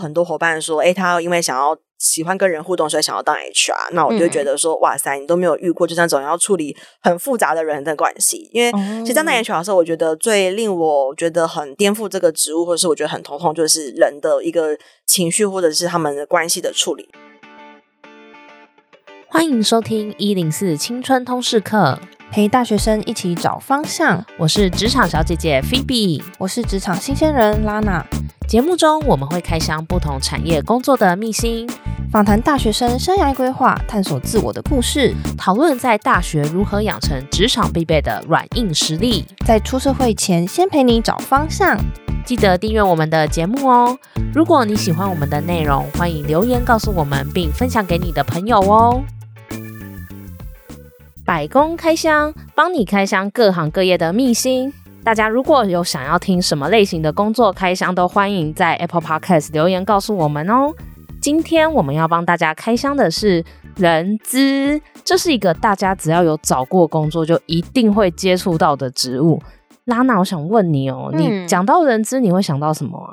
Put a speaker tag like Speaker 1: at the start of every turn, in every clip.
Speaker 1: 很多夥伴說，哎，他因為想要喜歡跟人互動，所以想要當 HR。那我就覺得說、嗯，哇塞，你都沒有遇過，就這樣總要處理很複雜的人的關係。因為、哦、其實當 HR 的時候，我覺得最令我覺得很顛覆這個職務，或者是我覺得很頭痛，就是人的一個情緒或者是他們的關係的處理。
Speaker 2: 歡迎收聽一零四青春通識課。陪大學生一起找方向，我是職場小姐姐菲比，e b e 我是職場新鮮人 Lana。節目中我們會開箱不同產業工作的秘辛，訪談大學生生涯規劃，探索自我的故事，討論在大學如何養成職場必備的軟硬實力。在出社會前，先陪你找方向。記得訂閱我們的節目哦！如果你喜歡我們的內容，歡迎留言告訴我們，並分享給你的朋友哦。百工開箱，幫你開箱各行各業的秘辛。大家如果有想要聽什麼類型的工作開箱，都歡迎在 Apple Podcast 留言告訴我們哦。今天我們要幫大家開箱的是人資，這是一個大家只要有找過工作就一定會接觸到的職務。拉娜，我想問你哦，嗯，你講到人資，你會想到什麼啊？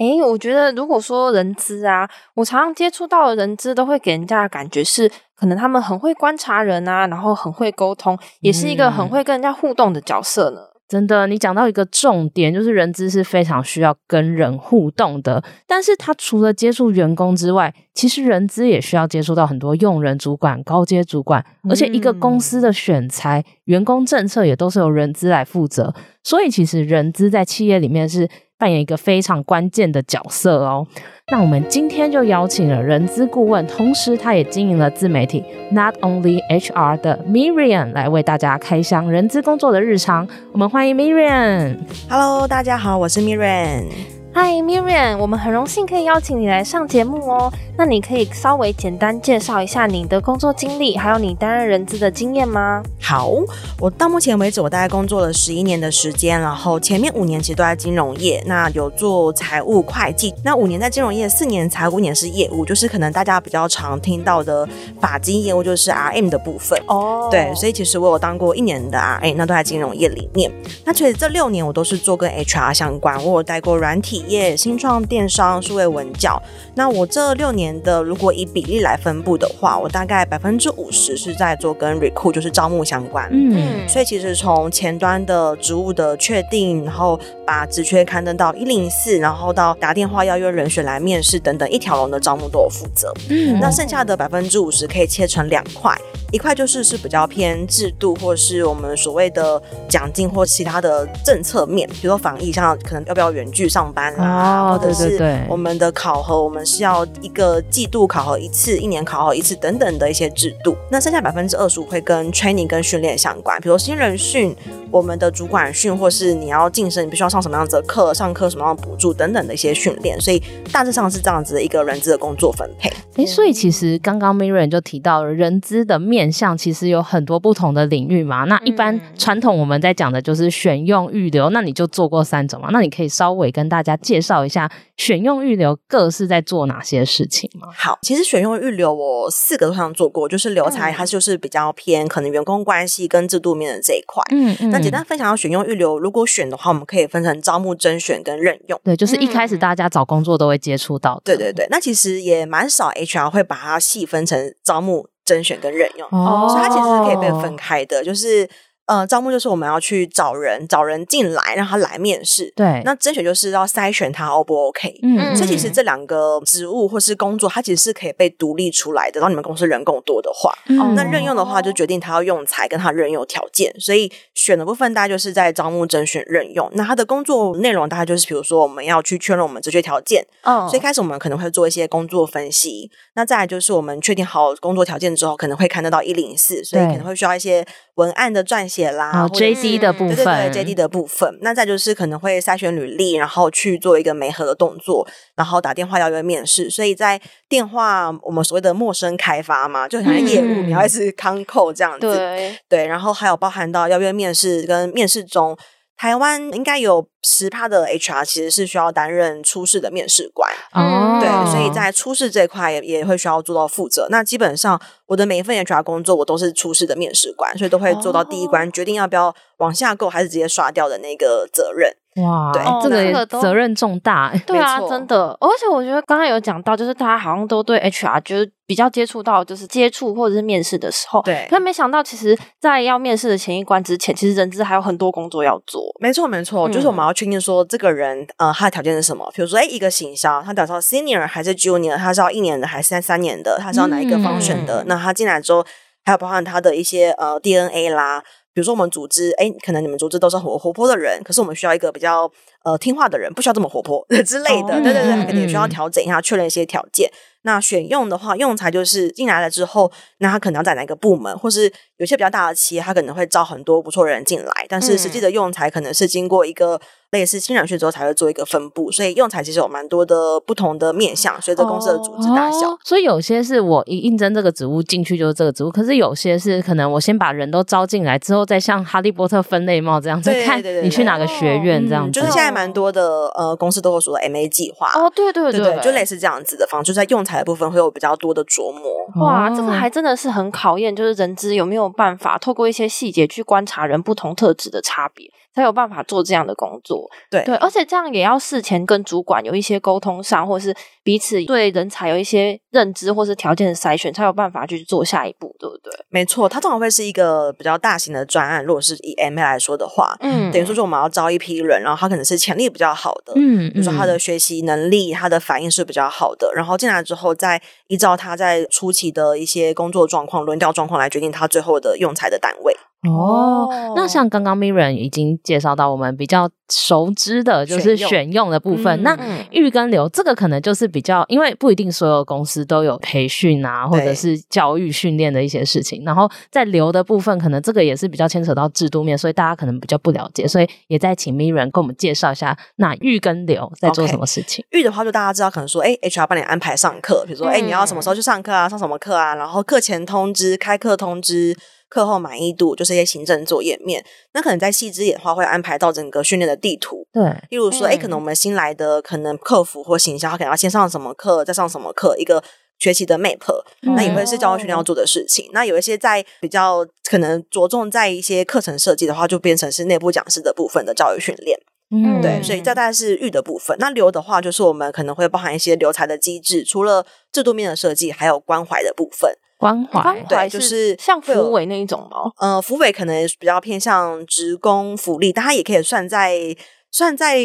Speaker 3: 哎、欸，我覺得如果說人資啊，我常常接觸到的人資都會給人家的感覺是，可能他們很會觀
Speaker 2: 察人啊，然後很會溝通，也是一個很會跟人家互動的角色呢。嗯、真的，你講到一個重點，就是人資是非常需要跟人互動的。但是，他除了接觸員工之外，其實人資也需要接觸到很多用人主管、高階主管，而且一個公司的選才、員工政策也都是由人資來負責。所以，其實人資在企業裡面是，扮演一個非常關鍵的角色哦。那我們今天就邀請了人資顧問，同時他也經營了自媒體 Not Only HR 的 Miriam 來為大家開箱人資工作的日常。我們歡迎 Miriam。
Speaker 1: Hello，大家好，我是 Miriam。
Speaker 3: 嗨
Speaker 2: Miriam，我們很榮幸可以邀
Speaker 3: 請你來上節目哦。那你可以稍微簡單介紹一下你的工作經歷，還有你
Speaker 1: 擔任人資的經驗嗎？好，我到目前為止，我大概工作了十一年的時間。然後前面五年其實都在金融業，那有做財務會計。那五年在金融業，四年財務，一年是業務，就是可能大家比較常聽到的法金業務，就是 RM 的部分。哦、oh.，對，所以其實我有當過一年的 RM，那都在金融業裡面。那其實這六年我都是做跟 HR 相關，我有帶過軟體業、新創、電商、數位、文教。那我這六年的如果以比例來分布的話，我大概百分之五十是在做跟 recruit 就是招募相關，嗯，所以其實從前端的職務的確定，然後把職缺刊登到一零四，然後到打電話邀約人選來面試等等，一條龍的招募都有負責，嗯，那剩下的百分之五十可以切成兩塊，一塊就是是比較偏制度或者是我們所謂的獎金或其他的政策面，比如說防疫，像可能要不要遠距上班。啊，或者是對我們的考核、oh, 對對對，我們是要一個季度考核一次，一年考核一次等等的一些制度。那剩下百分之二十五會跟 training、跟訓練相關，比如新人訓。我們的主管訓，或是你要晉升，你必須要上什麼樣子的課，上課什麼樣的補助等等的一些訓練，所以大致上是這樣子的一個人資的工作分配。
Speaker 2: 哎、欸，所以其實剛剛 Miriam 就提到，人資的面向其實有很多不同的領域嘛。那一般傳統我們在講的就是選用、育留，那你就做過三種嘛，那你可以稍微跟大家介紹一下。選用育留各是在做哪些事情嗎？
Speaker 1: 好，其實選用育留我四個都常做過，就是留才它就是比較偏可能員工關係跟制度面的這一塊。嗯嗯，那簡單分享要選用育留，如果選的話，我們可以分成招募、甄選跟任用。對，就是一
Speaker 2: 開始大家找工作都會接觸到的。嗯，對
Speaker 1: 對對，那其實也蠻少 HR 會把它細分成招募、甄選跟任用。哦哦，所以它其實是可以被分開的，就是。呃，招募就是我們要去找人，找人進來，讓他來面試。對，那甄選就是要篩選他 O、哦、不 OK。嗯，所以其實這兩個職務或是工作，它其實是可以被獨立出來的。當你們公司人更多的話、哦，那任用的話就決定他要用才跟他任有條件。所以選的部分大概就是在招募、甄選、任用。那他的工作內容大概就是，比如說我們要去確認我們職缺條件。哦，所以開始我們可能會做一些工作分析。那再來就是我們確定好工作條件之後，可能會看得到一零四，所以可能會需要一些。文案的撰寫啦，哦，JD 的部分，JD 的部分，那再就是可能會篩選履歷，然後去做一個媒合的動作，然後打電話邀約面試。所以在電話，我們所謂的陌生開發嘛，就很像業務，你要一直 cold call 這樣子對，對，然後還有包含到邀約面試跟面試中。台灣應該有十趴的 HR 其實是需要擔任初試的面試官，oh. 對，所以在初試這塊也也會需要做到負責。那基本上我的每一份 HR 工作，我都是初試的面試官，所以都會做到第一關，決定要不要往下夠，還是直接刷掉的那個責任。哇，這、哦，那個責
Speaker 2: 任重大。
Speaker 3: 對啊，真的，而且我覺得剛剛有講到，就是大家好像都對 HR 就是比較接觸到，就是接觸或者是面試的時候，對。
Speaker 1: 但沒想到，其實，在要面試的前一關之前，其實人資還有很多工作要做。沒錯，沒錯，就是我們要確定說這個人，嗯、呃，他的條件是什麼？比如說，哎、欸，一個行銷，他想要 senior 還是 junior？他是要一年的還是三三年的？他是要哪一個 function 的？嗯嗯，那他進來之後，還有包含他的一些呃 DNA 啦。比如說，我們組織，哎，可能你們組織都是很活潑的人，可是我們需要一個比較。呃，聽話的人，不需要這麼活潑之類的。嗯，對對對，可能也需要調整一下，確認一些條件，嗯。那選用的話，用才就是進來了之後，那他可能要在哪一個部門，或是有些比較大的企業，他可能會招很多不錯的人進來，但是實際的用才可能是經過一個類似新人訓之後才會做一個分佈。所以用才其實有蠻多的不同的面向，隨着公司的組織大小、哦
Speaker 2: 哦，所以有些是我一應徵這個職務進去就是這個職務，可是有些是可能我先把人都招進來之後，再像哈利波特分類帽這樣子看，你去哪個學院這樣子。哎哦嗯就
Speaker 1: 蠻多的呃公司，都會說 MA 計劃哦，對對，對對對，就類似這樣子的方式，就在用材的部分會有比較多的琢磨。哦。哇，
Speaker 3: 這個還真的是很考驗，就是人資有沒有辦法透過一些細節去觀察人不同特質的差別。才有辦法做這樣的工作，對對，而且這樣也要事前跟主管有一些溝通上，或者是彼此
Speaker 1: 對人才有一些認知，或是條件的篩選，才有辦法去做下一步，對不對？沒錯，它正好會是一個比較大型的專案。如果是以 MA 來說的話，嗯，等於說是我們要招一批人，然後他可能是潛力比較好的，嗯，就、嗯、是他的學習能力、他的反應是比較好的，然後進來之後再依照他在初期的一些工作狀況、輪調狀況來決定他最後的用材的單位。
Speaker 2: 哦，哦，那像剛剛 Miriam 已經介紹到我們比較熟知的，就是選用的部分。嗯、那育跟留這個可能就是比較，因為不一定所有公司都有培訓啊，或者是教育訓練的一些事情。然後在留的部分，可能這個也是比較牽扯到制度面，所以大家可能比較不了解。所以也再請 Miriam 跟我們介紹一下，那育跟留在做什麼事情
Speaker 1: ？Okay, 育的話，就大家知道，可能說，誒 HR 幫你安排上課，比如說，誒你要什麼時候去上課啊？上什麼課啊？然後課前通知，開課通知。課後滿意度就是一些行政作業面，那可能在細緻演化，會安排到整個訓練的地圖。
Speaker 2: 對，例如說，哎、嗯，
Speaker 1: 可能我們新來的可能客服或行銷，他可能要先上什麼課，再上什麼課，一個學習的 map，、嗯、那也會是教育訓練要做的事情、嗯。那有一些在比較可能着重在一些課程設計的話，就變成是內部講師的部分的教育訓練。嗯，對，所以這大概是育的部分。那留的話，就是我們可能會包含一些留才的機制，除了制度面的設計，還有關懷的部分。關懷，對，就是像福委那一種哦。呃，福委可能比較偏向職工福利，但它也可以算在算在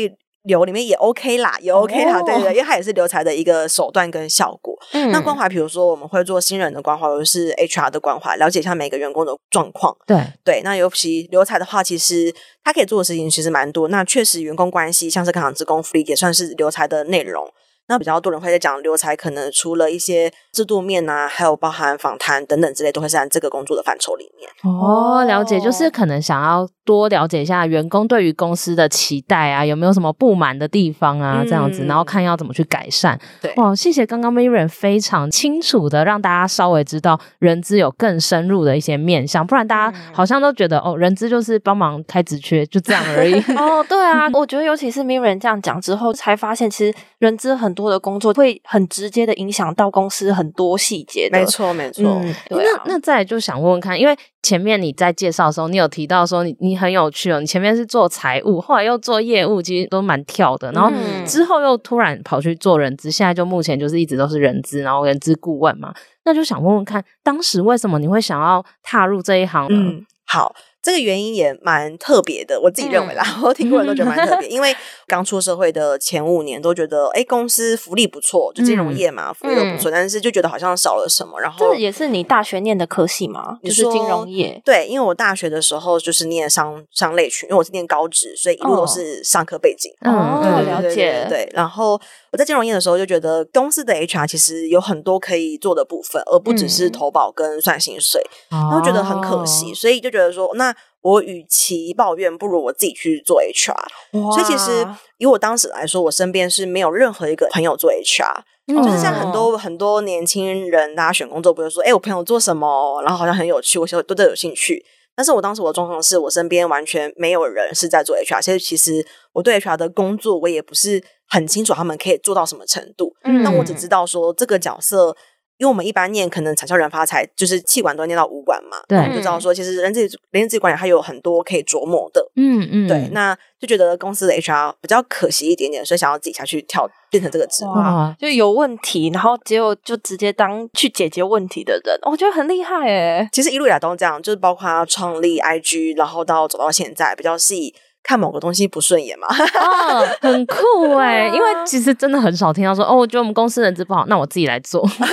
Speaker 1: 留裡面，也 OK 啦，也 OK 啦。哦、對的，因為它也是留才的一個手段跟效果。嗯，那關懷，比如說我們會做新人的關懷，或、就、者是 HR 的關懷，了解一下每個員工的狀況。對對，那尤其留才的話，其實它可以做的事情其實蠻多。那確實，員工關係像是剛好職工福利，也算是留才的內容。那比較多人會在講留才，可能除了一些制度面啊，還有包含訪談等等之類，都會在這個工作的範疇裡面。
Speaker 2: 哦，了解，就是可能想要多了解一下員工對於公司的期待啊，有沒有什麼不滿的地方啊，這樣子、嗯，然後看要怎麼去改善。對，哇，謝謝剛剛 Miriam 非常清楚的讓大家稍微知道人資有更深入的一些面向，不然大家好像都覺得、嗯、哦，人資就是幫忙開職缺就這樣而已。
Speaker 3: 哦，對啊，我覺得尤其是 Miriam 這樣講之後，才發現其
Speaker 2: 實人資很。很多的工作會很
Speaker 3: 直接的影響到公司很多細節的。沒錯沒錯、嗯啊。
Speaker 2: 那那再來就想問問看，因為前面你在介紹的時候，你有提到說你你很有趣哦，你前面是做財務，後來又做業務，其實都蠻跳的，然後之後又突然跑去做人資、嗯，現在就目前就是一直都是人資，然後人資顧問嘛。那就想問問看，當時為什麼你會想要踏入這一行呢？嗯、好。
Speaker 1: 這個原因也蠻特別的，我自己認為啦，嗯、我聽過的都覺得蠻特別。嗯、 因為剛出社會的前五年都覺得，哎，公司福利不錯，就金融業嘛、嗯，福利都不錯，但是就覺得好像少了什麼。然後這也是你大學念的科系嗎？就是金融業？對，因為我大學的時候就是念商商類群，因為我是念高職，所以一路都是商科背景。哦哦、嗯，了解。對，對然後。我在金融業的時候，就覺得公司的 HR 其實有很多可以做的部分，而不只是投保跟算薪水，嗯、然後覺得很可惜、啊，所以就覺得說，那我與其抱怨，不如我自己去做 HR。所以其實以我當時來說，我身邊是沒有任何一個朋友做 HR，、嗯、就是像很多、嗯、很多年輕人，大家選工作不會說，哎、欸，我朋友做什麼，然後好像很有趣，我就都都有興趣。但是我當時我的狀況是，我身邊完全沒有人是在做 HR，所以其實我對 HR 的工作，我也不是。很清楚他們可以做到什麼程度，嗯。那我只知道說這個角色，因為我們一般念可能產銷人發財就是企管都念到五管嘛，對。就知道說其實人力資源人力資源管理還有很多可以琢磨的，嗯嗯，
Speaker 2: 對，那
Speaker 1: 就覺得公司的 HR 比較可惜一點點，所以想要自己下去跳變成這個職業，就有問題，然後結果就直接當去解決問題的人，我覺得很厲害誒、欸。其實一路以來都這樣，就是包括創立 IG，然後到走到現在比較細。看某個東西不順眼嘛？
Speaker 2: 哦，很酷哎！ 因為其實真的很少聽到說、啊、哦，我覺得我們公司人資不好，那我自己來做。對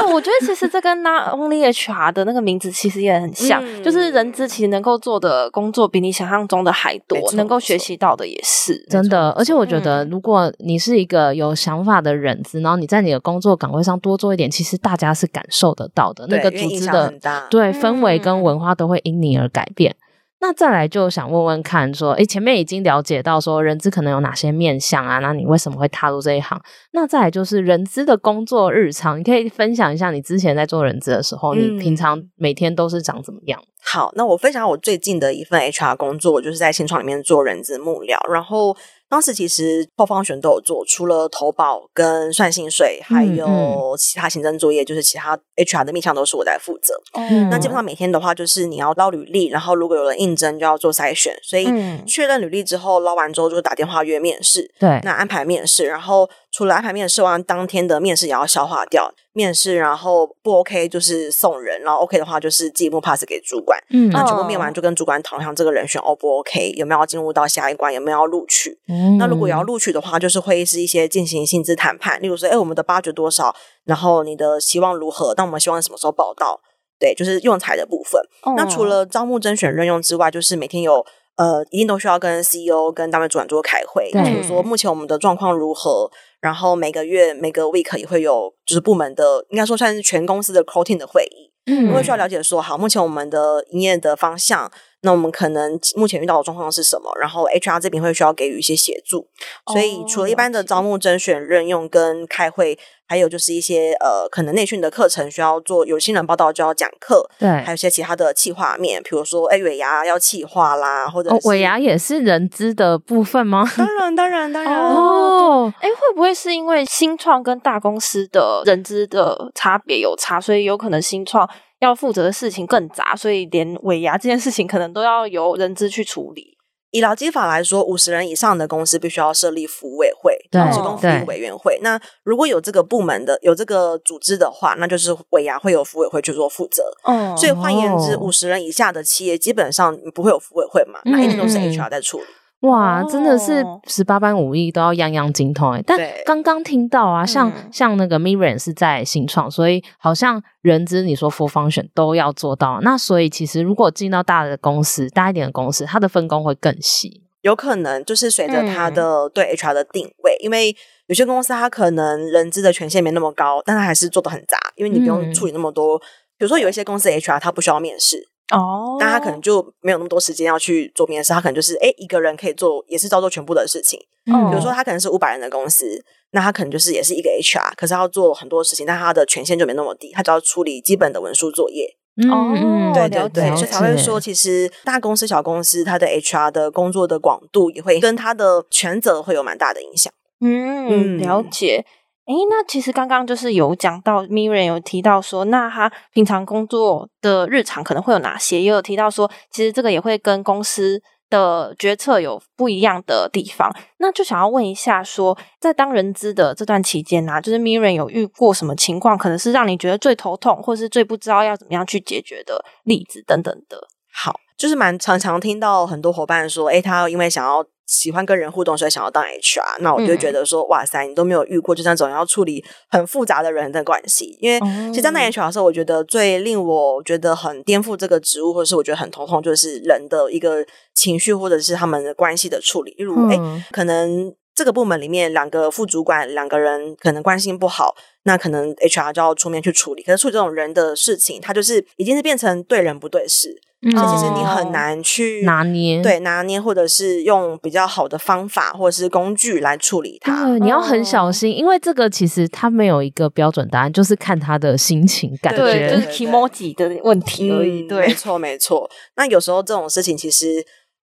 Speaker 2: 啊、 我覺得其實這跟那 Only HR 的那個名字其實也很像，
Speaker 3: 嗯、就是人資其實能夠做的工作比你想象中的還多，能夠學習到的
Speaker 2: 也是真的。而且我覺得，如果你是一個有想法的人資、嗯，然後你在你的工作的崗位上多做一點，其實大家是感受得到的。那個組織的對、嗯、氛圍跟文化都會因你而改變。嗯那再來就想問問看，說，哎、欸，前面已經了解到說人資可能有哪些面向啊？那你為什麼會踏入這一行？那再來就是人資的工作日常，你可以分享一下你之前在做人資的時候、嗯，你平常每天都是長
Speaker 1: 怎麼樣？好，那我分享我最近的一份 HR 工作，我就是在新創裡面做人資幕僚，然後。當時其實後方全都有做，除了投保跟算薪水，還有其他行政作業，就是其他 HR 的面向都是我在負責、嗯。那基本上每天的話，就是你要撈履歷，然後如果有人應徵，就要做篩選。所以確認履歷之後、嗯，撈完之後就打電話約面試。對，那安排面試，然後。除了安排面試完，當天的面試也要消化掉。面試然後不 OK 就是送人，然後 OK 的話就是進一步 pass 給主管、嗯。那全部面完就跟主管討論這個人選 O、哦哦、不 OK，有沒有要進入到下一關，有沒有要錄取、嗯。那如果要錄取的話，就是會是一些進行薪資談判，例如說，哎、欸，我們的八折多少？然後你的希望如何？那我們希望什麼時候報到？對，就是用才的部分、哦。那除了招募、甄選、任用之外，就是每天有呃一定都需要跟 CEO 跟單位主管做開會，例如說目前我們的狀況如何。然後每個月每個 week 也會有，就是部門的，應該說算是全公司的 meeting 的會議，嗯，因為需要了解說，好，目前我們的營業的方向。那我們可能目前遇到的狀況是什麼？然後 HR 這邊會需要給予一些協助，哦、所以除了一般的招募、甄選、任用跟開會，還有就是一些呃，可能內訓的課程需要做。有新人報道就要講課，對，還有一些其他的企劃面，比如說哎，尾牙要企劃啦，或者是尾牙
Speaker 2: 也是人資的部分嗎？當
Speaker 1: 然，當然，當然哦。哎，會不會是因為新創跟大公司
Speaker 3: 的人資的差別有差，所以有可能新創？要負責的事情更雜，所
Speaker 1: 以連尾牙這件事情可能都要由人資去處理。以勞基法來說，五十人以上的公司必須要設立福委會，對，後職工福利委員會。那如果有這個部門的、有這個組織的話，那就是尾牙會有福委會去做負責。哦。所以換言之，五十人以下的企業基本上不會有福委會嘛，嗯嗯，那一定都是 HR 在處理。
Speaker 2: 哇，oh, 真的是十八般武藝都要樣樣精通、欸、但剛剛聽到啊，像、嗯、像那個 Miriam 是在新創，所以好像人資你說 four function 都要做到。那所以其實如果進到大的公司、大一點的公司，它的分工會更細。
Speaker 1: 有可能就是隨着它的對 HR 的定位，嗯、因為有些公司它可能人資的權限沒那麼高，但它還是做的很雜，因為你不用處理那麼多、嗯。比如說有一些公司 HR 它不需要面試。哦，那他可能就沒有那麼多時間要去做面試，他可能就是哎，一個人可以做，也是照做全部的事情。Oh. 比如說，他可能是五百人的公司，那他可能就是也是一個 HR，可是要做很多事情，但他的權限就沒那麼低，他只要處理基本的文書作業。
Speaker 2: 哦、oh.，對對對，對，所以才會說，
Speaker 1: 其實大公司、小公司，他的 HR 的工作的廣度也會跟他的權責會有蠻大的影響。
Speaker 2: Oh. 嗯，了
Speaker 1: 解。哎，那其實剛剛
Speaker 3: 就是有講到 Miriam 有提到說，那他平常工作的日常可能會有哪些？也有提到說，其實這個也會跟公司的決策有不一樣的地方。那就想要問一下說，說在當人資的這段期間啊，就是 Miriam 有遇過什麼情況，可能是讓你覺得最頭痛，或是最不知道要怎麼樣去解決的例子等等的。
Speaker 1: 好，就是蠻常常聽到很多夥伴說，哎，他因為想要。喜歡跟人互動，所以想要當 HR。那我就覺得說，嗯，哇塞，你都沒有遇過，就像總要處理很複雜的人的關係。因為其實當，當 HR 的時候，我覺得最令我覺得很顛覆這個職務，或者是我覺得很頭痛，就是人的一個情緒，或者是他們的關係的處理。例如，哎，嗯，可能。這個部門裡面兩個副主管，兩個人可能關心不好，那可能 HR 就要出面去處理。可是處理這種人的事情，他就是已經是變成對人不對事，所、嗯、其實你很難去拿捏，對，拿捏或者是用比較好的方法或者是工具來處理它。你要很
Speaker 2: 小心、哦，因為這個其實他沒有一個標準答案，就是看他的心情感覺，就是
Speaker 1: Kimoji 的問題而已。對，對對對對嗯、沒錯沒錯。那有時候這種事情其實。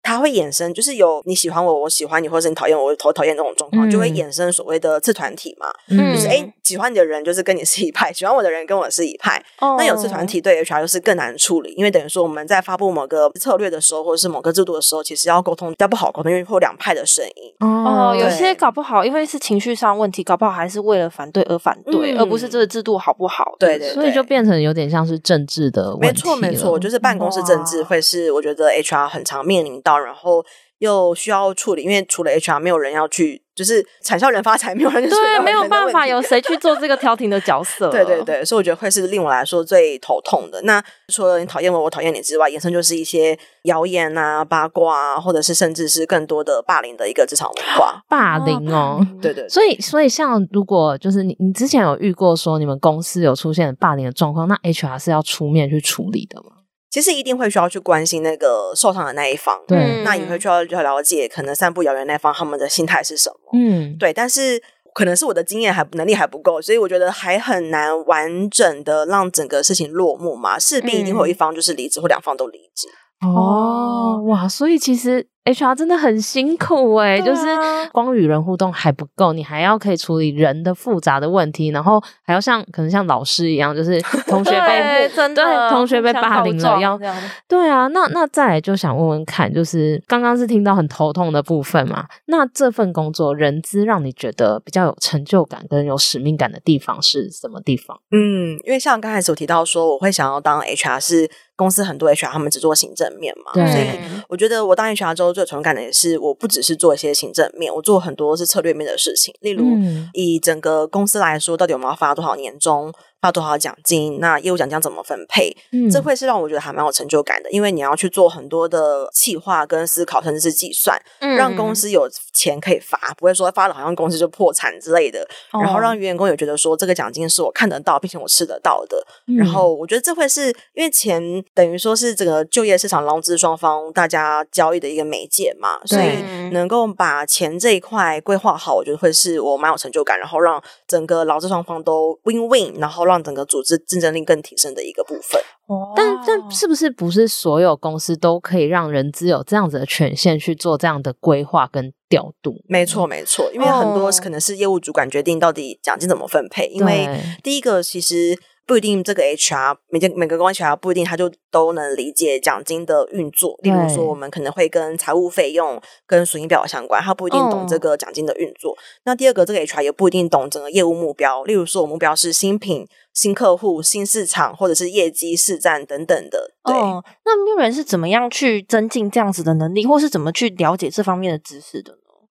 Speaker 1: 它會衍生，就是有你喜歡我，我喜歡你，或者你討厭我，我討厭這種狀況，嗯，就會衍生所謂的次團體嘛，嗯、就是哎。欸喜歡你的人就是跟你是一派，喜歡我的人跟我是一派。Oh. 那有次團體對 HR 就是更難處理，因為等於說我們在發布某個策略的時候，或者是某個制度的時候，其實要溝通，但不好溝通，因為會有兩派的聲音。哦、oh，有些
Speaker 3: 搞不好，因為是情緒上問題，搞不好還是為了反對而反對，
Speaker 1: 嗯、而不是這個制度好不好。嗯、對對，對，所以
Speaker 2: 就變成有點像是政治的問題，沒錯沒錯，
Speaker 1: 就是辦公室政治會是我覺得 HR 很常面臨到，然後。又需要處理，因為除了 HR 沒有人要去，就是產銷人發財，沒有人去做。對，沒有辦法，有誰去做這個調停的角色？ 對對對，所以我覺得會是令我來說最頭痛的。那除了你討厭我，我討厭你之外，衍生就是一些謠言啊、八卦啊，或者是甚至是更多的霸凌的一個職場文化。
Speaker 2: 霸凌哦， 對對對，所以所以像如果就是你你之前有遇過說你們公司有出現霸凌的狀況，那 HR 是要出面去處理的嗎？
Speaker 1: 其實一定會需要去關心那個受傷的那一方，對，那也會需要去了解可能散布謠言那一方他們的心態是什麼，嗯，對。但是可能是我的經驗還能力還不夠，所以我覺得還很難完整的讓整個事情落幕嘛。勢必一定會有一方就是離職，嗯、或兩方都離職。
Speaker 2: 哦，哇，所以其實。H R 真的很辛苦哎、欸啊，就是光與人互動還不夠，你還要可以處理人的複雜的問題，然後還要像可能像老師一樣，就是同學被 對，對，同學被霸凌了，要對啊。那那再來就想問問看，就是剛剛是聽到很頭痛的部分嘛？那這份工作，人資讓你覺得比較有成就感跟有使命感的地方是什麼地方？嗯，
Speaker 1: 因為像剛才所提到說，我會想要當 H R，是公司很多 H R 他們只做行政面嘛，對，所以我覺得我當 H R 之後。最有成就感的也是，我不只是做一些行政面，我做很多是策略面的事情。例如，以整個公司來說，到底我們要發多少年終？發多少獎金？那業務獎金要怎麼分配？嗯，這會是讓我覺得還蠻有成就感的，因為你要去做很多的企劃跟思考，甚至是計算，嗯、讓公司有錢可以發，不會說發了好像公司就破產之類的。哦、然後讓員工也覺得說這個獎金是我看得到，並且我吃得到的。嗯、然後我覺得這會是因為錢等於說是整個就業市場勞資雙方大家交易的一個媒介嘛，所以能夠把錢這一塊規劃好，我覺得會是我蠻有成就感，然後讓整個勞資雙方都 win win，然後。讓整個組織競爭力更提升的一個部分，哦哦
Speaker 2: 但但是不是不是所有公司都可以讓人資有這樣子的權限去做這樣的規劃跟
Speaker 1: 調度？沒錯沒錯，因為很多可能是業務主管決定到底獎金怎麼分配，哦、因為第一個其實。不一定這個 HR，每間每個公司 HR 不一定他就都能理解獎金的運作。例如說，我們可能會跟財務費用、跟損益表相關，他不一定懂這個獎金的運作。哦、那第二個，這個 HR 也不一定懂整個業務目標。例如說，我目標是新品、新客戶、新市場，或者是業績、市占等等的。對。
Speaker 3: 哦、那 Miriam 是怎麼樣去增進這樣子的能力，或是怎麼去了解這方面的知識的？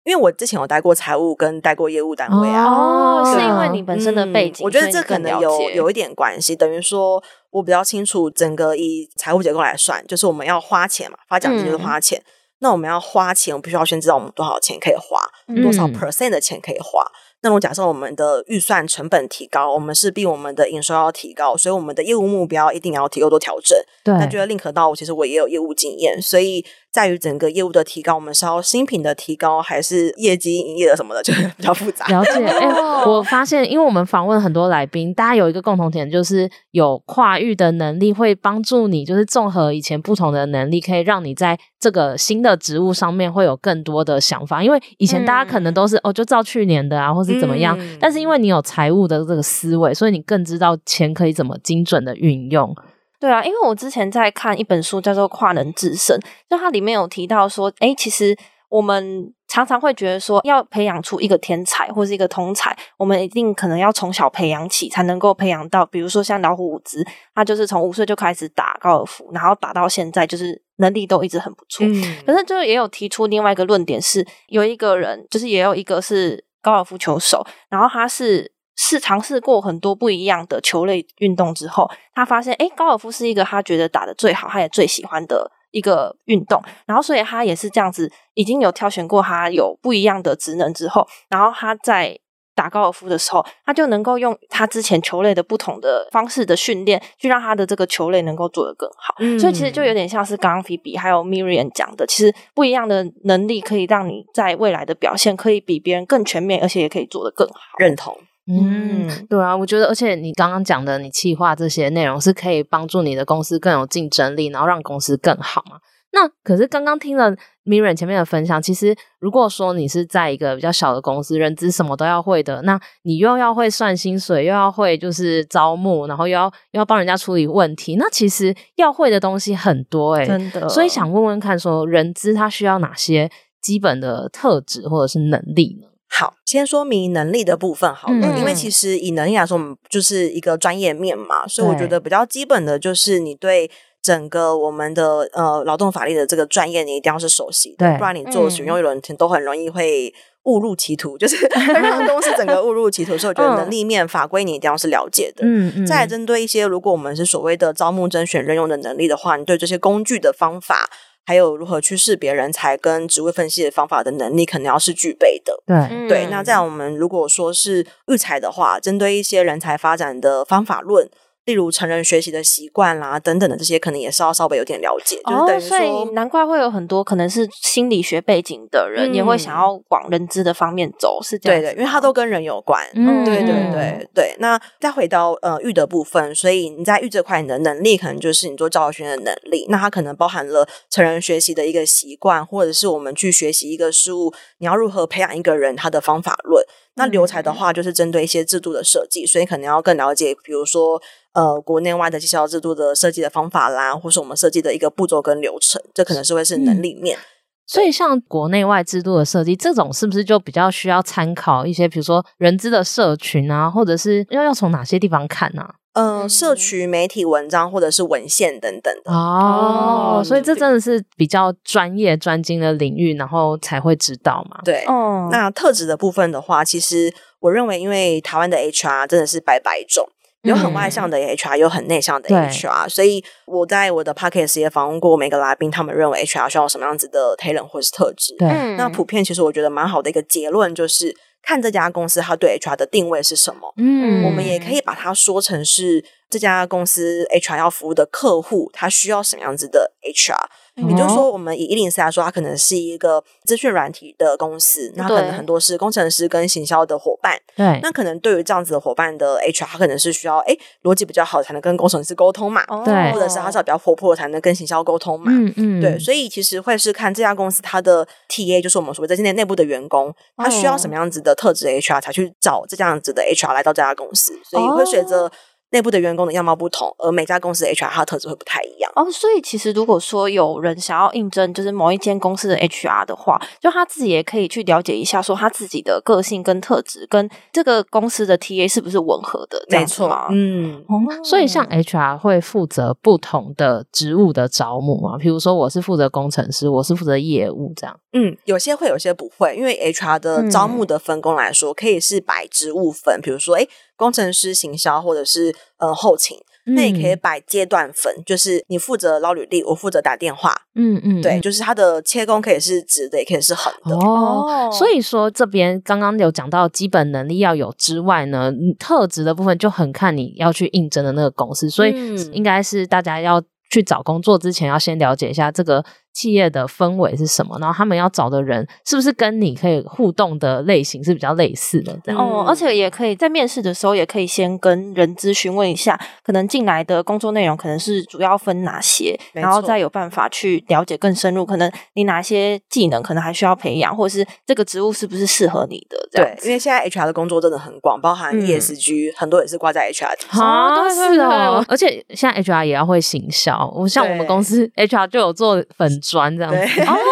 Speaker 1: 因為我之前有帶過財務跟帶過業務單位啊，哦、oh,，是因為你本身的背景，嗯、我覺得這可能有有一點關係。等於說，我比較清楚整個以財務結構來算，就是我們要花錢嘛，發獎金就是花錢。嗯、那我們要花錢，我必須要先知道我們多少錢可以花，嗯、多少 percent 的錢可以花。那我假設我們的預算成本提高，我們勢必我們的營收要提高，所以我們的業務目標一定要提高多調整。對。那覺得 link 到我，其實我也有業務經驗，所以。在於整個業務的提高，我們是要新品的提高，還是業績、營業的什麼的，就比較複雜。了解，哎、欸，我
Speaker 2: 發現，因為我們訪問很多來賓， 大家有一個共同點，就是有跨域的能力，會幫助你，就是綜合以前不同的能力，可以讓你在這個新的職務上面會有更多的想法。因為以前大家可能都是、嗯、哦，就照去年的啊，或是怎麼樣。嗯、但是因為你有財務的這個思維，所以你更知道錢可以怎麼精準的運用。
Speaker 3: 對啊，因為我之前在看一本書，叫做《跨能致勝》，就它裡面有提到說，哎，其實我們常常會覺得說，要培養出一個天才或是一個通才，我們一定可能要從小培養起，才能夠培養到，比如說像老虎伍茲，他就是從五歲就開始打高爾夫，然後打到現在，就是能力都一直很不錯。嗯，可是就是也有提出另外一個論點是，是有一個人，就是也有一個是高爾夫球手，然後他是。是，嘗試過很多不一樣的球類運動之後，他發現，哎、欸，高爾夫是一個他覺得打得最好，他也最喜歡的一個運動。然後，所以他也是這樣子，已經有挑選過他有不一樣的職能之後，然後他在打高爾夫的時候，他就能夠用他之前球類的不同的方式的訓練，去讓他的這個球類能夠做得更好。嗯。所以其實就有點像是剛剛菲比還有 Miriam 講的，其實不一樣的能力可以讓你在未來
Speaker 2: 的表現可以比別人更全面，而且也可以做得更好。認同。嗯，對啊，我覺得，而且你剛剛講的，你企劃這些內容是可以幫助你的公司更有競爭力，然後讓公司更好嘛。那可是剛剛聽了 Miriam 前面的分享，其實如果說你是在一個比較小的公司，人資什麼都要會的，那你又要會算薪水，又要會就是招募，然後又要又要幫人家處理問題，那其實要會的東西很多誒、欸、真的。所以想問問看說，說人資他需要哪些基本的特質或者是能力呢？好，
Speaker 1: 先說明能力的部分好了。嗯，因為其實以能力來說，我們就是一個專業面嘛，所以我覺得比較基本的就是你對整個我們的呃勞動法律的這個專業，你一定要是熟悉的對，不然你做選用一輪都很容易會誤入歧途，嗯、就是很多是整個誤入歧途。 所以我覺得能力面法規你一定要是了解的，嗯嗯。再來針對一些，如果我們是所謂的招募甄選任用的能力的話，你對這些工具的方法。還有如何去識別人才跟職位分析的方法的能力，可能要是具備的。對。對對，那在我們如果說是育才的話，針對一些人才發展的方法論。例如成人學習的習慣啦、啊，等等的這些，可能也是要稍微有點了解。哦、就是，所以
Speaker 3: 難怪會有很多可能是心理學背景的人也會想要
Speaker 1: 往人資的方面走，嗯、是這樣？對對，因為它都跟人有關。嗯、對對對對。那再回到呃育的部分，所以你在育這塊你的能力，可能就是你做教學的能力。那它可能包含了成人學習的一個習慣，或者是我們去學習一個事物，你要如何培養一個人他的方法論。那留才的話，就是針對一些制度的設計，所以可能要更了解，比如說呃，國內外的績效制度的設計的方法啦，或是我們設計的一個步驟跟流程，這可能是會是能力面。嗯
Speaker 2: 所以，像國內外制度的設計，這種是不是就比較需要參考一些，比如說人資的社群啊，或者是要要從哪些地方看呢？啊？嗯、
Speaker 1: 呃，社群媒體文章或者是文獻等等哦。
Speaker 2: 所以，這真的是比較專業專精的領域，然後才會知道嘛。
Speaker 1: 對，哦、那特質的部分的話，其實我認為，因為台灣的 HR 真的是百百種。
Speaker 2: 有很外向
Speaker 1: 的 HR，嗯，有很內向的 HR，所以我在我的 Podcast 也訪問過每個來賓，他們認為 HR 需要什麼樣子的 talent 或是特質。那普遍其實我覺得蠻好的一個結論就是，看這家公司它對 HR 的定位是什麼。嗯，我們也可以把它說成是這家公司 HR 要服務的客戶，他需要什麼樣子的 HR。也就是說，我們以104來說，它可能是一個資訊軟體的公司，那可能很多是工程師跟行銷的夥伴。那可能對於這樣子的夥伴的 HR，他可能是需要誒邏輯比較好才能跟工程師溝通嘛，對，或者是他是比較活潑才能跟行銷溝通嘛，嗯嗯。對，所以其實會是看這家公司它的 TA，就是我們所謂在今年內部的員工，他需要什麼樣子的特質 HR 才去找這樣子的 HR 來到這家公司，所以會隨着。內部的員工的樣貌不同，而每家公司的 HR 他的特質會不太一樣哦。所以其實
Speaker 3: 如果說有人想要應徵就是某一間公司的 HR 的話，就他自己也可以去了解一下，說他自己的個性跟特質跟這個公司的 TA 是不是吻合的這樣嗎？沒
Speaker 2: 錯，嗯、哦，所以像 HR 會負責不同的職務的招募嘛？比如說我是負責工程師，我是負責業務這樣。
Speaker 1: 嗯，有些會，有些不會，因為 HR 的招募的分工來說，嗯、可以是擺職務分，比如說、欸工程師、行銷或者是呃後勤，那也可以擺階段分、嗯，就是你負責撈履歷，我負責打電話。嗯嗯，對，就是它的切工可以是直的，也可以是橫的。哦，
Speaker 2: 所以說這邊剛剛有講到基本能力要有之外呢，特質的部分就很看你要去應徵的那個公司，所以應該是大家要去找工作之前要先了解一下這個。企業的氛圍是什麼？然後他們要找的人是不是跟你可以互動的類型是比較類似的？哦、嗯，
Speaker 3: 而且也可以在面試的時候也可以先跟人資詢問一下，可能進來的工作內容可能是主要分哪些，然後再有辦法去了解更深入，可能你哪些技能可能還需要培養，或者是這個職
Speaker 2: 務是不是適合你的？對，因
Speaker 1: 為現在 HR 的工作真的很廣，包含 ESG、嗯、很多也是掛在 HR。好、啊，都是哦。
Speaker 2: 而且現在 HR 也要會行銷，我像我們公司 HR 就有做粉.轉這樣子。哦。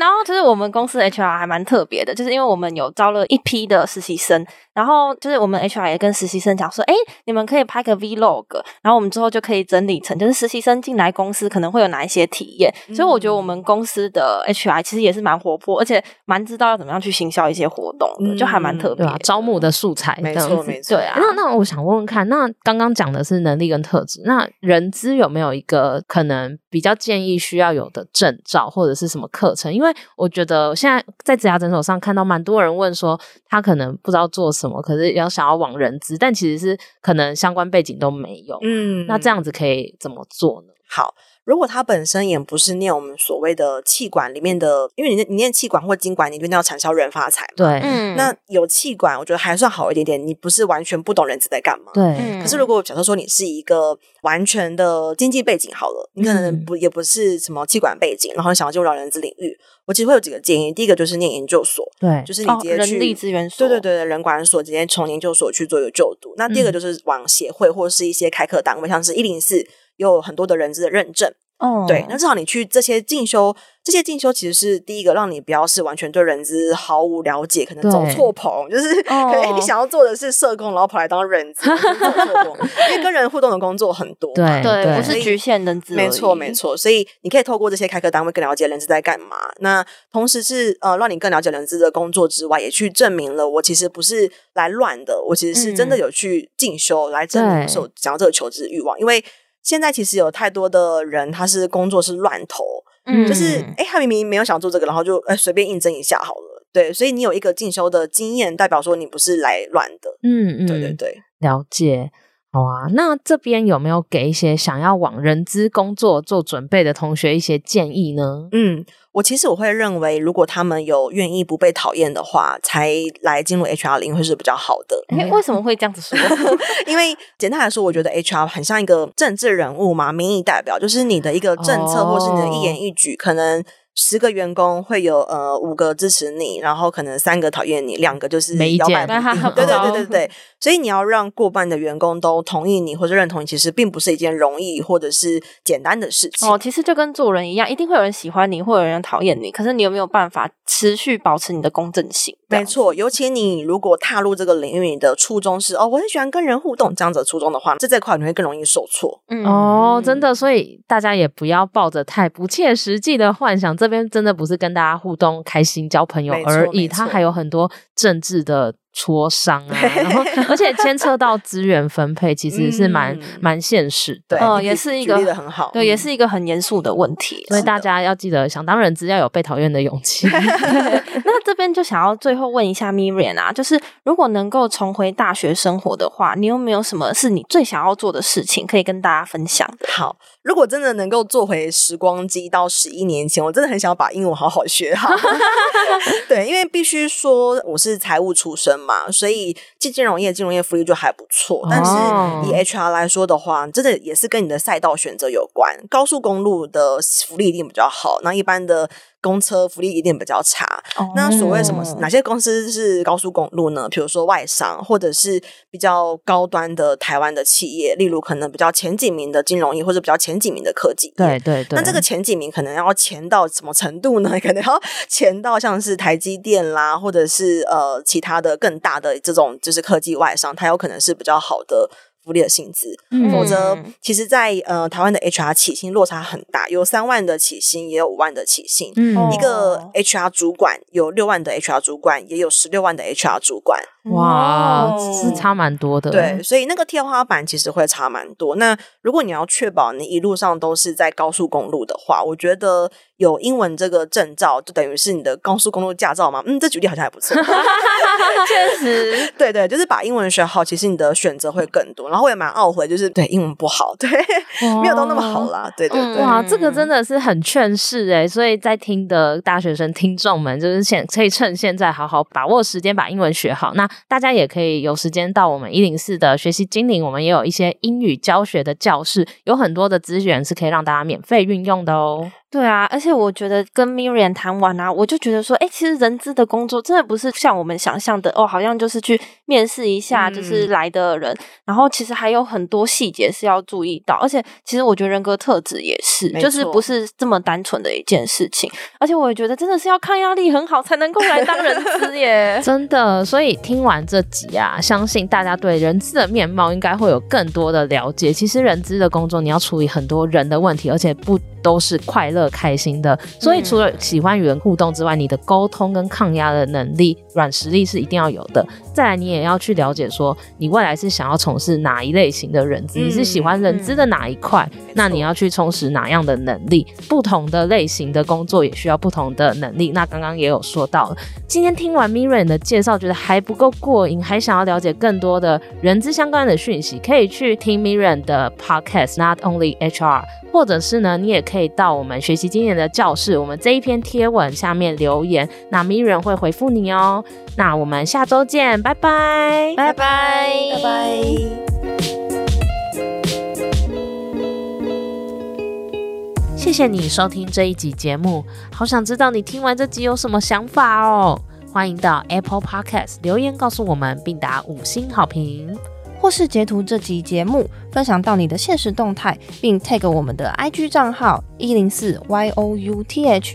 Speaker 3: 然後就是我們公司 HR 還蠻特別的，就是因為我們有招了一批的實習生，然後就是我們 HR 也跟實習生講說，哎，你們可以拍個 Vlog，然後我們之後就可以整理成，就是實習生進來公司可能會有哪一些體驗。嗯、所以我覺得我們公司的 HR 其實也是蠻活潑，而且蠻知道要怎麼樣去行銷一些活動的，嗯、就還蠻特別的、嗯。對啊，
Speaker 2: 招募的素材，沒錯沒錯，對啊。那那我想問問看，那剛剛講的是能力跟特質，那人資有沒有一個可能比較建議需要有的證照或者是什麼課程？因為但我覺得現在在職涯診所上看到蠻多人問說，他可能不知道做什麼，可是要想要往人資，但其實是可能相關背景都沒有。嗯，那這樣子可以怎麼做呢？好，
Speaker 1: 如果他本身也不是念我們所謂的企管裡面的，因為你念你念企管或經管，你就那要產銷人發財嘛。對，嗯，那有企管，我覺得還算好一點點。你不是完全不懂人資在幹嘛？對、嗯。可是如果假設說你是一個完全的經濟背景好了，你可能不、嗯、也不是什麼企管背景，然後想要進入到人資領域。我其實會有幾個建議，第一個就是念研究所，對，就是你直接去、哦、人力資源所，對對對，人管所直接從研究所去做一個就讀、嗯。那第二個就是往協會或是一些開課單位，像是一零四有很多的人資的認證，哦，對。那至少你去這些進修。這些進修其實是第一個讓你不要是完全對人資毫無了解，可能走錯棚，就是、oh. 可能你想要做的是社工，然後跑來當人資，因為 跟人互動的工作很多，對對，不是局限人資。沒錯沒錯，所以你可以透過這些開課單位更了解人資在幹嘛。那同時是呃讓你更了解人資的工作之外，也去證明了我其實不是來亂的，我其實是真的有去進修來證明。所、嗯、想要這個求職慾望，因為現在其實有太多的人，他是工作是亂投。嗯、就是，哎、欸，他明明沒有想做這個，然後就哎隨便應徵一下好了。對，所以你有一個進修的經驗，代表說你不是來亂的。
Speaker 2: 嗯嗯，對對對，了解。好啊，那這邊有沒有給一些想要往人資工作做準備的同學一些建議呢？
Speaker 1: 嗯，我其實我會認為，如果他們有願意不被討厭的話，才來進入 HR 領域是比較好的。欸，為什麼會這樣子說？ 因為簡單來說，我覺得 HR 很像一個政治人物嘛，民意代表，就是你的一個政策或是你的一言一舉可能。十個員工會有呃五個支持你，然後可能三個討厭你，兩個就是沒意見。對對對對對，所以你要讓過半的員工都同意你或者認同你，其實並不是一件容易或者是簡單的事情。哦，其實就跟
Speaker 3: 做人一樣，一定會有人喜歡你，或者有人討厭你。可是你有沒有辦法持續保持你的公正
Speaker 1: 性？沒錯，尤其你如果踏入這個領域，你的初衷是哦，我很喜歡跟人互動這樣子的初衷的話，這這塊你會更容易受挫。
Speaker 2: 嗯哦，真的，所以大家也不要抱着太不切實際的幻想。這邊真的不是跟大家互動、開心、交朋友而已，它還有很多政治的磋商啊，然後而且牽涉到資源分配，其實是蠻、 嗯、蠻現實的。哦、呃，也是一個，很好，對，也是一個很嚴肅的問題，嗯、所以大家要記得，想當人資都要有被討厭的勇氣。
Speaker 3: 那這邊就想要最後問一下 Miriam 啊，就是如果能夠重回大學生活的話，你有沒有什麼是你最想要做的事情可以跟大家分享？好，
Speaker 1: 如果真的能夠坐回時光機到十一年前，我真的很想把英文好好學好。 對，因為必須說，我是財務出身。嘛，所以進金融業，金融業福利就還不錯。但是以 HR 來說的話，oh. 真的也是跟你的賽道選擇有關。高速公路的福利一定比較好，那一般的。公車福利一定比較差，哦。那所謂什麼？哪些公司是高速公路呢？比如說外商，或者是比較高端的台灣的企業，例如可能比較前幾名的金融業，或者比較前幾名的科技。
Speaker 2: 對對對。那這個
Speaker 1: 前幾名可能要前到什麼程度呢？可能要前到像是台積電啦，或者是呃其他的更大的這種就是科技外商，它有可能是比較好的。福利的薪資，否則其實在，在呃台灣的 H R 起薪落差很大，有三萬的起薪，也有五萬的起薪，嗯。一個 H R 主管，有六萬的 H R 主管，也有十六萬的 H R 主管。哇，
Speaker 2: 是差蠻多的。對，
Speaker 1: 所以那個天花板其實會差蠻多。那如果你要確保你一路上都是在高速公路的話，我覺得。有英文這個證照，就等於是你的高速公路駕照嘛？嗯，這舉例好像還不錯。 確實， 對對，就是把英文學好，其實你的選擇會更多。然後我也蠻懊悔，就是對英文不好，對，沒有都那麼好啦。對對對，哇，這
Speaker 2: 個真的是很勸世誒，所以在聽的大學生聽眾們，就是現可以趁現在好好把握時間，把英文學好。那大家也可以有時間到我們一零四的學習精靈，我們也有一些英語教學的教室，有很多的資源是可以讓大家免費運用的哦。
Speaker 3: 對啊，而且我覺得跟 Miriam 談完啊，我就覺得說，哎、欸，其實人資的工作真的不是像我們想象的哦，好像就是去面試一下，就是來的人，嗯，然後其實還有很多細節是要注意到，而且其實我覺得人格特質也是，就是不是這
Speaker 2: 麼單純的一件事情，
Speaker 3: 而且我也覺得真的是要抗壓力很好才能夠來當人資
Speaker 2: 耶， 真的。所以聽完這集啊，相信大家對人資的面貌應該會有更多的了解。其實人資的工作你要處理很多人的問題，而且不都是快樂的開心的，所以除了喜歡與人互動之外，你的溝通跟抗壓的能力。軟實力是一定要有的。再來，你也要去了解說，你未來是想要從事哪一類型的人資，嗯，你是喜歡人資的哪一塊，嗯，那你要去充實哪樣的能力？不同的類型的工作也需要不同的能力。那剛剛也有說到，今天聽完 Miriam 的介紹，覺得還不夠過癮，還想要了解更多的人資相關的訊息，可以去聽 Miriam 的 Podcast Not Only HR，或者是呢，你也可以到我們學習精靈的教室，我們這一篇貼文下面留言，那 Miriam 會回覆你哦。那我們下周見，拜拜，拜拜，拜拜。謝謝你收聽這一集節目，好想知道你聽完這集有什麼想法哦。歡迎到 Apple Podcast 留言告訴我們，並打五星好評，或是截圖這集
Speaker 3: 節目分享到你的現實動態，並 tag 我們的 IG 賬號一零四 youth。